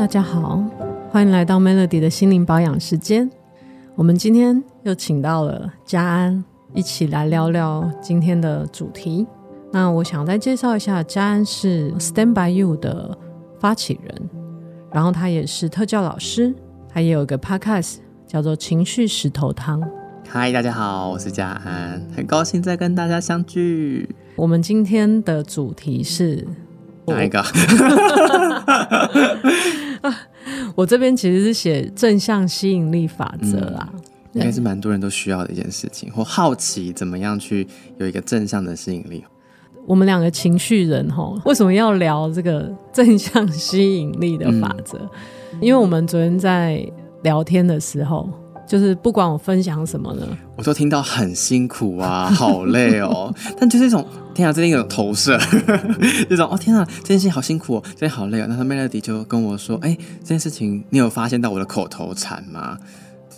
大家好，歡迎來到 Melody 的心靈保養時間。我們今天又請到了家安，一起來聊聊今天的主題。那我想再介紹一下，家安是 Stand by You 的發起人，然後他也是特教老師，他也有個 Podcast 叫做《情緒石頭湯》。嗨，大家好，我是家安，很高興再跟大家相聚。我們今天的主題是 Oh my god 我這邊其實是寫正向吸引力法則啊、嗯，應該是蠻多人都需要的一件事情，或好奇怎麼樣去有一個正向的吸引力。我們兩個情緒人吼，為什麼要聊這個正向吸引力的法則？嗯。因為我們昨天在聊天的時候。就是不管我分享什麼呢，我都聽到很辛苦啊，好累哦。 但就是一種，天啊，這件有投射，這 種哦，天啊，這件事情好辛苦哦，真的好累哦。然後 Melody 就跟我說，哎，這件事情你有發現到我的口頭禪嗎？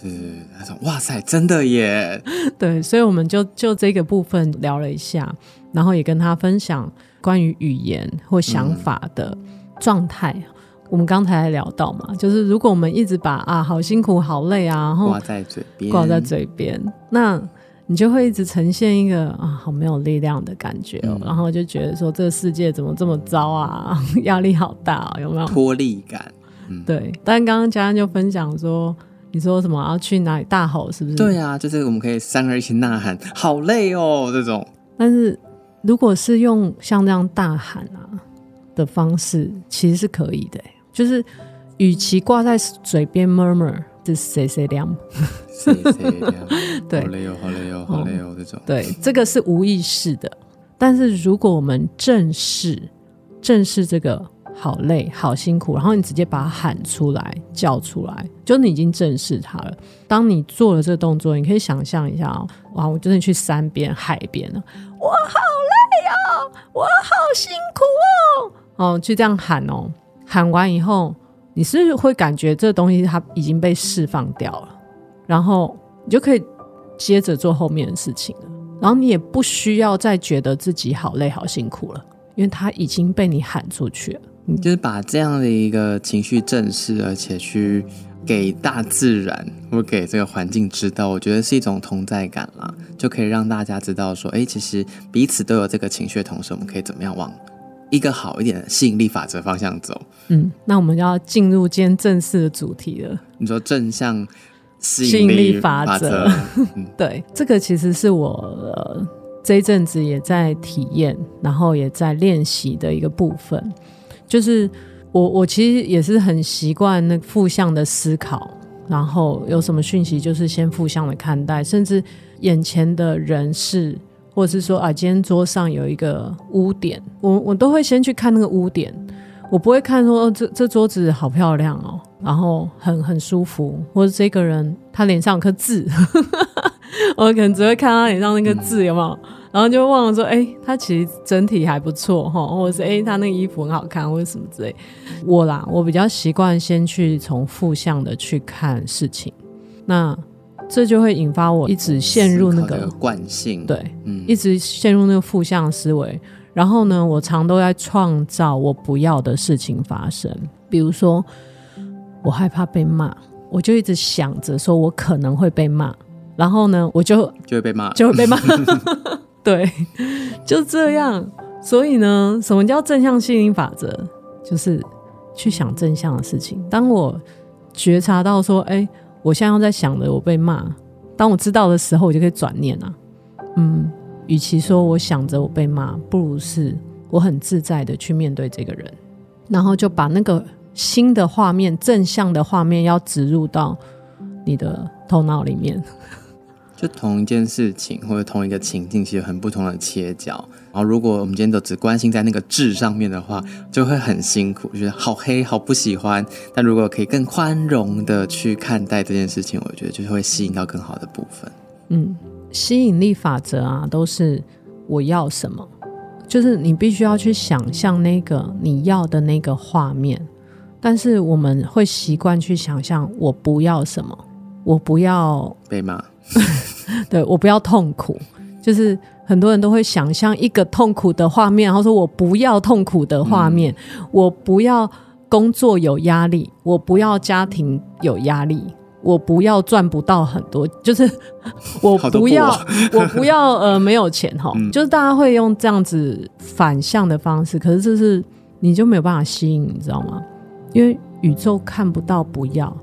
就是，他說，哇塞，真的耶，對，所以我們就就這個部分聊了一下，然後也跟他分享關於語言或想法的狀態。嗯我們剛才還聊到嘛，就是如果我們一直把啊好辛苦、好累啊然後掛，掛在嘴邊，掛在嘴邊，那你就會一直呈現一個啊好沒有力量的感覺、哦嗯，然後就覺得說這個世界怎麼這麼糟啊，壓力好大、啊，有沒有脫力感、嗯？對。但剛剛家安就分享說，你說什麼要、啊、去哪裡大吼，是不是？對啊，就是我們可以三個人一起吶喊，好累哦這種。但是如果是用像這樣大喊啊的方式，其實是可以的、欸。就是，與其掛在嘴邊，murmur，這碎碎念，碎碎念，對，好累哦，好累哦，好累哦，嗯，這種，對，這個是無意識的。但是如果我們正視，正視這個好累，好辛苦，然後你直接把它喊出來，叫出來，就你已經正視它了。當你做了這個動作，你可以想象一下啊，喔，哇，我真的去山邊、海邊，我好累哦，我好辛苦哦，哦，喔，就這樣喊哦，喔。喊完以後，你是，是會感覺這東西它已經被釋放掉了，然後你就可以接着做後面的事情了，然後你也不需要再覺得自己好累好辛苦了，因為它已經被你喊出去了。就是把這樣的一個情緒正視，而且去給大自然或給這個環境知道，我覺得是一種同在感啦，就可以讓大家知道說，哎，其實彼此都有這個情緒，同時我們可以怎麼樣往。一個好一點的吸引力法則方向走，嗯，那我們就要進入今天正式的主題了。你說正向吸引力法則，法則嗯、對，這個其實是我、呃、這一陣子也在體驗，然後也在練習的一個部分。就是我，我其實也是很習慣那負向的思考，然後有什麼訊息，就是先負向的看待，甚至眼前的人是。或者是說啊，今天桌上有一個污點，我我都會先去看那個污點，我不會看說、哦、這這桌子好漂亮哦，然後很很舒服，或者這個人他臉上有顆痣， 我可能只會看他臉上那個痣有沒有，然後就忘了說，哎，他其實整體還不錯哈，或者是哎，他那個衣服很好看，或者什麼之類。我啦，我比較習慣先去從負向的去看事情，那。這就會引發我一直陷入那個慣性，對、嗯，一直陷入那個負向思維。然後呢，我常都在創造我不要的事情發生。比如說，我害怕被罵，我就一直想着說我可能會被罵。然後呢，我就就會被罵，就會被罵。被 對，就這樣。所以呢，什麼叫正向吸引力法則？就是去想正向的事情。當我覺察到說，哎、欸。我現在要在想着我被罵，當我知道的時候，我就可以轉念啊，嗯，與其說我想着我被罵，不如是我很自在的去面對這個人，然後就把那個新的畫面、正向的畫面要植入到你的頭腦裡面。就同一件事情或者同一個情境，其實很不同的切角。然後，如果我們今天都只關心在那個質上面的話，就會很辛苦，就是好黑，好不喜歡。但如果可以更寬容的去看待這件事情，我覺得就是會吸引到更好的部分。嗯，吸引力法則啊，都是我要什麼，就是你必須要去想象那個你要的那個畫面。但是我們會習慣去想象我不要什麼。我不要被罵， 對，我不要痛苦， 就是很多人都會想象一個痛苦的畫面，然後說我不要痛苦的畫面。嗯，我不要工作有壓力，我不要家庭有壓力，我不要賺不到很多，就是 我不要，哦， 我不要呃沒有錢齁、嗯，就是大家會用這樣子反向的方式，可是這是你就沒有辦法吸引，你知道嗎？因為宇宙看不到不要。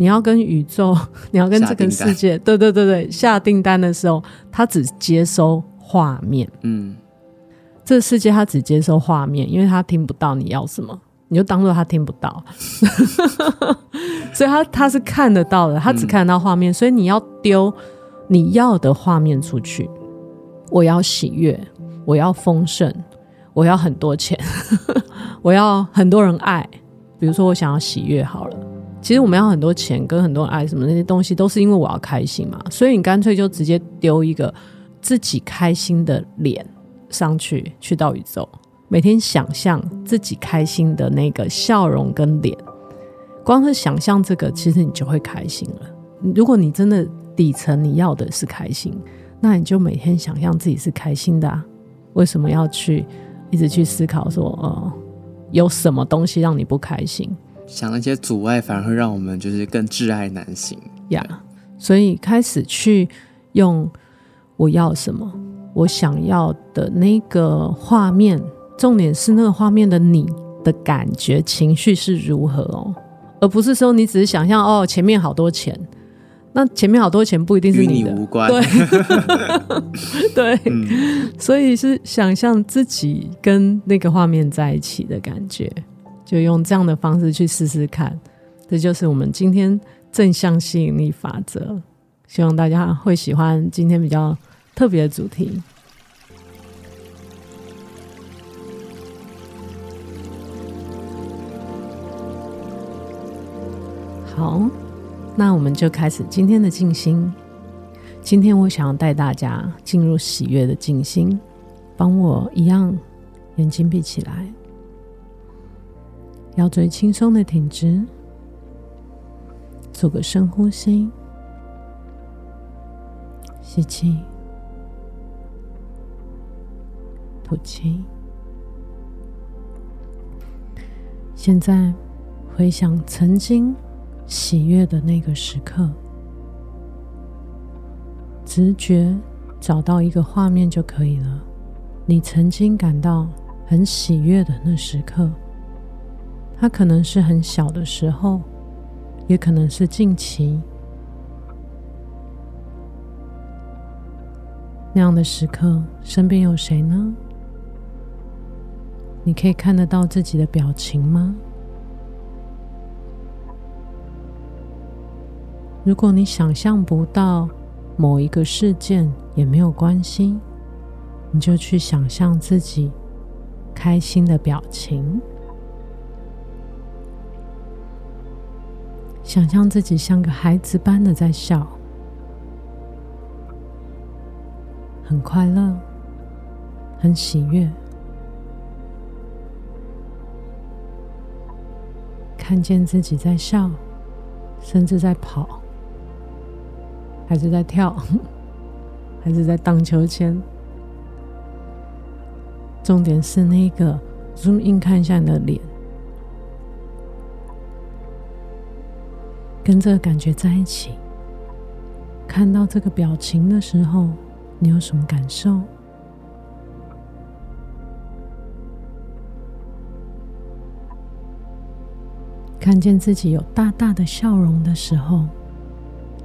你要跟宇宙，你要跟這個世界，對對對對，下訂單的時候，他只接收畫面。嗯，這個世界他只接收畫面，因為他聽不到你要什麼，你就當做他聽不到。 所以他他是看得到的，他只看得到畫面，嗯，所以你要丟你要的畫面出去。我要喜悅，我要豐盛，我要很多錢， 我要很多人愛。比如說，我想要喜悅，好了。其實我們要很多錢，跟很多愛，什麼那些東西，都是因為我要開心嘛。所以你乾脆就直接丟一個自己開心的臉上去，去到宇宙，每天想象自己開心的那個笑容跟臉。光是想象這個，其實你就會開心了。如果你真的底層你要的是開心，那你就每天想象自己是開心的啊。為什麼要去一直去思考說，呃，有什麼東西讓你不開心？想那些阻礙反而會讓我們就是更窒礙難行呀，Yeah, 所以開始去用我要什麼我想要的那個畫面，重點是那個畫面的你的感覺情緒是如何哦，而不是說你只是想象哦前面好多錢，那前面好多錢不一定是你的，與你無關對, 對、嗯，所以是想象自己跟那個畫面在一起的感覺。就用這樣的方式去試試看，這就是我們今天正向吸引力法則。希望大家會喜歡今天比較特別的主題。好，那我們就開始今天的靜心。今天我想要帶大家進入喜悅的靜心，幫我一樣眼睛閉起來。腰椎輕鬆的挺直，做個深呼吸，吸氣，吐氣。現在回想曾經喜悅的那個時刻，直覺找到一個畫面就可以了。你曾經感到很喜悅的那時刻。它可能是很小的時候，也可能是近期。那樣的時刻，身邊有誰呢？你可以看得到自己的表情嗎？如果你想象不到某一個事件，也沒有關係，你就去想象自己開心的表情。想象自己像個孩子般的在笑，很快樂，很喜悅。看見自己在笑，甚至在跑，還是在跳，還是在荡秋千。重點是那個 zoom in 看一下你的臉。跟這個感覺在一起，看到這個表情的時候，你有什麼感受？看見自己有大大的笑容的時候，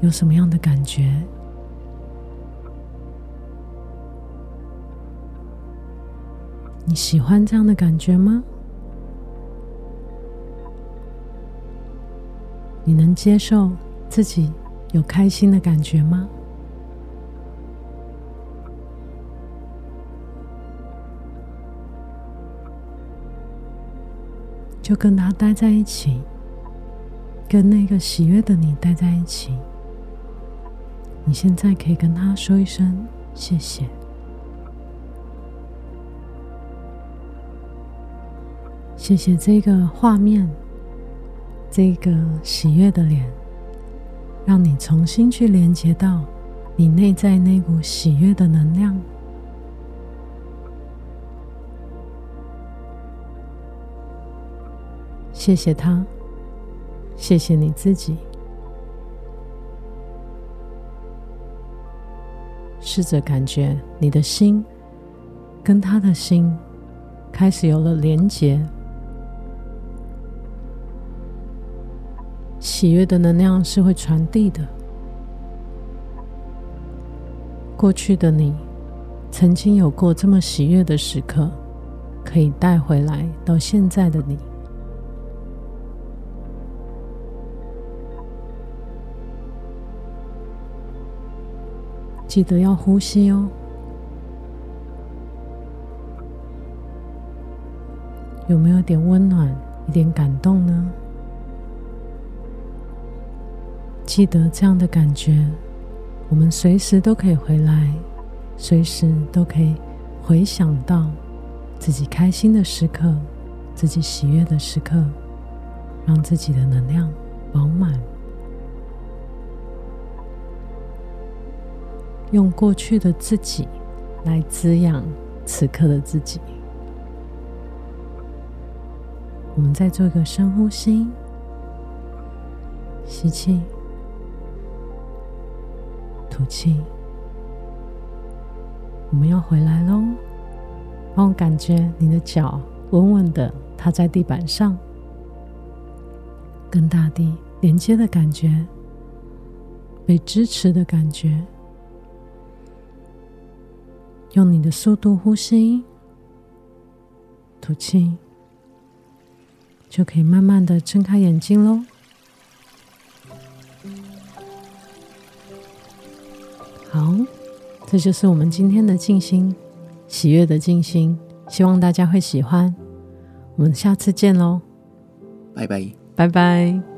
有什麼樣的感覺？你喜歡這樣的感覺嗎？你能接受自己有開心的感覺嗎？就跟他待在一起，跟那個喜悅的你待在一起。你現在可以跟他說一聲謝謝。謝謝這個畫面。這個喜悅的臉，讓你重新去連接到你內在那股喜悅的能量。謝謝他，謝謝你自己。試着感覺你的心跟他的心開始有了連接。喜悅的能量是會傳遞的。過去的你曾經有過這麼喜悅的時刻，可以帶回來到現在的你。記得要呼吸哦。有沒有一點溫暖，一點感動呢？記得這樣的感覺，我們隨時都可以回來，隨時都可以回想到自己開心的時刻，自己喜悅的時刻，讓自己的能量飽滿，用過去的自己來滋養此刻的自己。我們再做一個深呼吸，吸氣。吐氣，我們要回來嘍。讓我感覺你的腳穩穩的踏在地板上，跟大地連接的感覺，被支持的感覺。用你的速度呼吸，吐氣，就可以慢慢的睜開眼睛嘍。這就是我們今天的靜心，喜悅的靜心。希望大家會喜歡，我們下次見嘍，拜拜，拜拜。